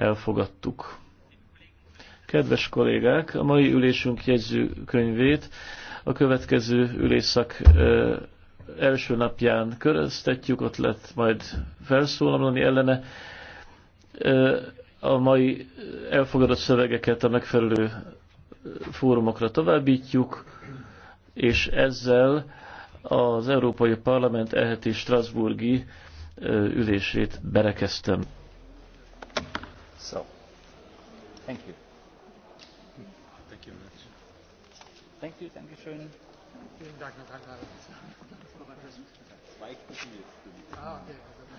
elfogadtuk. Kedves kollégák, a mai ülésünk jegyzőkönyvét a következő ülésszak első napján köröztetjük, ott lett majd felszólalni ellene. A mai elfogadott szövegeket a megfelelő fórumokra továbbítjuk, és ezzel az Európai Parlament eheti Strasburgi ülését berekeztem. So, thank you. Thank you. Thank you, danke schön. Vielen Dank, Herr Zwei Kuchen jetzt. Ah, okay.